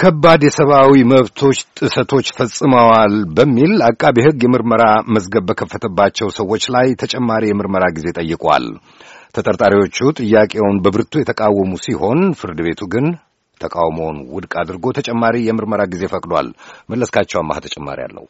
ከባድ የሰብአዊ መብቶች ጥሰቶች ፈጽመዋል በሚል አቃቢ ሕግ የምርመራ መዝገብ በከፈተባቸው ሰዎች ላይ ተጨማሪ የምርመራ ጊዜ ጠይቋል። ተጠርጣሪዎቹ ጥያቄውን በብርቱ የተቃወሙ ሲሆን ፍርድ ቤቱ ግን ተቃውሞውን ውድቅ አድርጎ ተጨማሪ የምርመራ ጊዜ ፈቅዷል። መለስካቸው አማሃ ተጨማሪ አለው።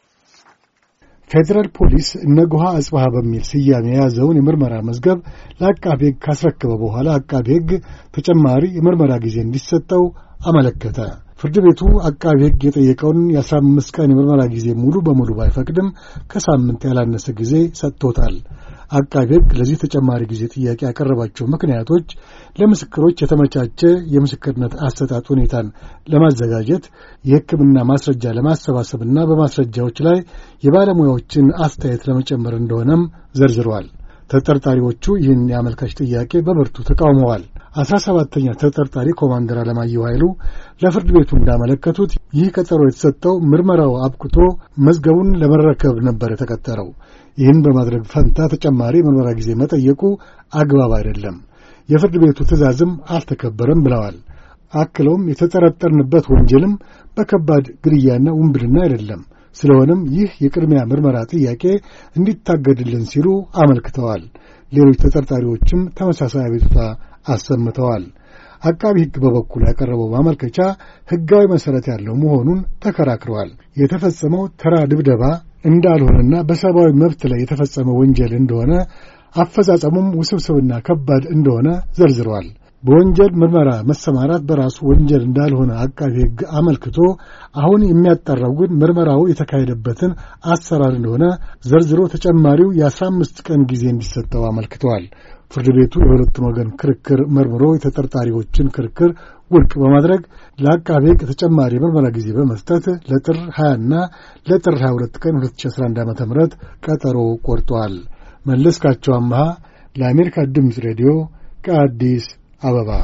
ፌዴራል ፖሊስ እነ ጉሃ አጽባሃ በሚል ስያሜ የያዘውን የምርመራ መዝገብ ለአቃቤ ሕግ ካስረከበ በኋላ አቃቤ ሕግ ተጨማሪ የምርመራ ጊዜ እንዲሰጠው አመለከተ። ፍርድ ቤቱ አቃቤ ሕግ የጠየቀውን የ አምስት ቀን የምርመራ ጊዜ ሙሉ በሙሉ ባይፈቅድም ከሳምንት ያላነሰ ጊዜ ሰጥቶታል። አቃቢ ሕግ ለዚህ ተጨማሪ ጊዜ ጥያቄ ያቀረባቸው ምክንያቶች ለምስክሮች የተመቻቸ የምስክርነት አሰጣጥ ሁኔታን ለማዘጋጀት የሕክምና ማስረጃ ለማሰባሰብና በማስረጃዎች ላይ የባለሙያዎችን አስተያየት ለመጨመር እንደሆነም ዘርዝረዋል። ተጠርጣሪዎቹ ይህን የአመልካች ጥያቄ በብርቱ ተቃውመዋል። አስራ ሰባተኛ ተጠርጣሪ ኮማንደር አለማየሁ ኃይሉ ለፍርድ ቤቱ እንዳመለከቱት ይህ ቀጠሮ የተሰጠው ምርመራው አብቅቶ መዝገቡን ለመረከብ ነበር የተቀጠረው። ይህን በማድረግ ፈንታ ተጨማሪ ምርመራ ጊዜ መጠየቁ አግባብ አይደለም፣ የፍርድ ቤቱ ትዕዛዝም አልተከበረም ብለዋል። አክለውም የተጠረጠርንበት ወንጀልም በከባድ ግድያና ውንብድና አይደለም። ስለሆነም ይህ የቅድሚያ ምርመራ ጥያቄ እንዲታገድልን ሲሉ አመልክተዋል። ሌሎች ተጠርጣሪዎችም ተመሳሳይ አቤቱታ አሰምተዋል። አቃቢ ሕግ በበኩሉ ያቀረበው ማመልከቻ ሕጋዊ መሠረት ያለው መሆኑን ተከራክረዋል። የተፈጸመው ተራ ድብደባ እንዳልሆነና በሰብአዊ መብት ላይ የተፈጸመ ወንጀል እንደሆነ አፈጻጸሙም ውስብስብና ከባድ እንደሆነ ዘርዝረዋል። በወንጀል ምርመራ መሰማራት በራሱ ወንጀል እንዳልሆነ አቃቢ ሕግ አመልክቶ አሁን የሚያጠራው ግን ምርመራው የተካሄደበትን አሰራር እንደሆነ ዘርዝሮ ተጨማሪው የአስራ አምስት ቀን ጊዜ እንዲሰጠው አመልክተዋል። ፍርድ ቤቱ የሁለቱን ወገን ክርክር መርምሮ የተጠርጣሪዎችን ክርክር ውድቅ በማድረግ ለአቃቤ ሕግ ተጨማሪ ምርመራ ጊዜ በመስጠት ለጥር 20ና ለጥር 22 ቀን 2011 ዓ ም ቀጠሮ ቆርጠዋል። መለስካቸው አምሃ ለአሜሪካ ድምፅ ሬዲዮ ከአዲስ አበባ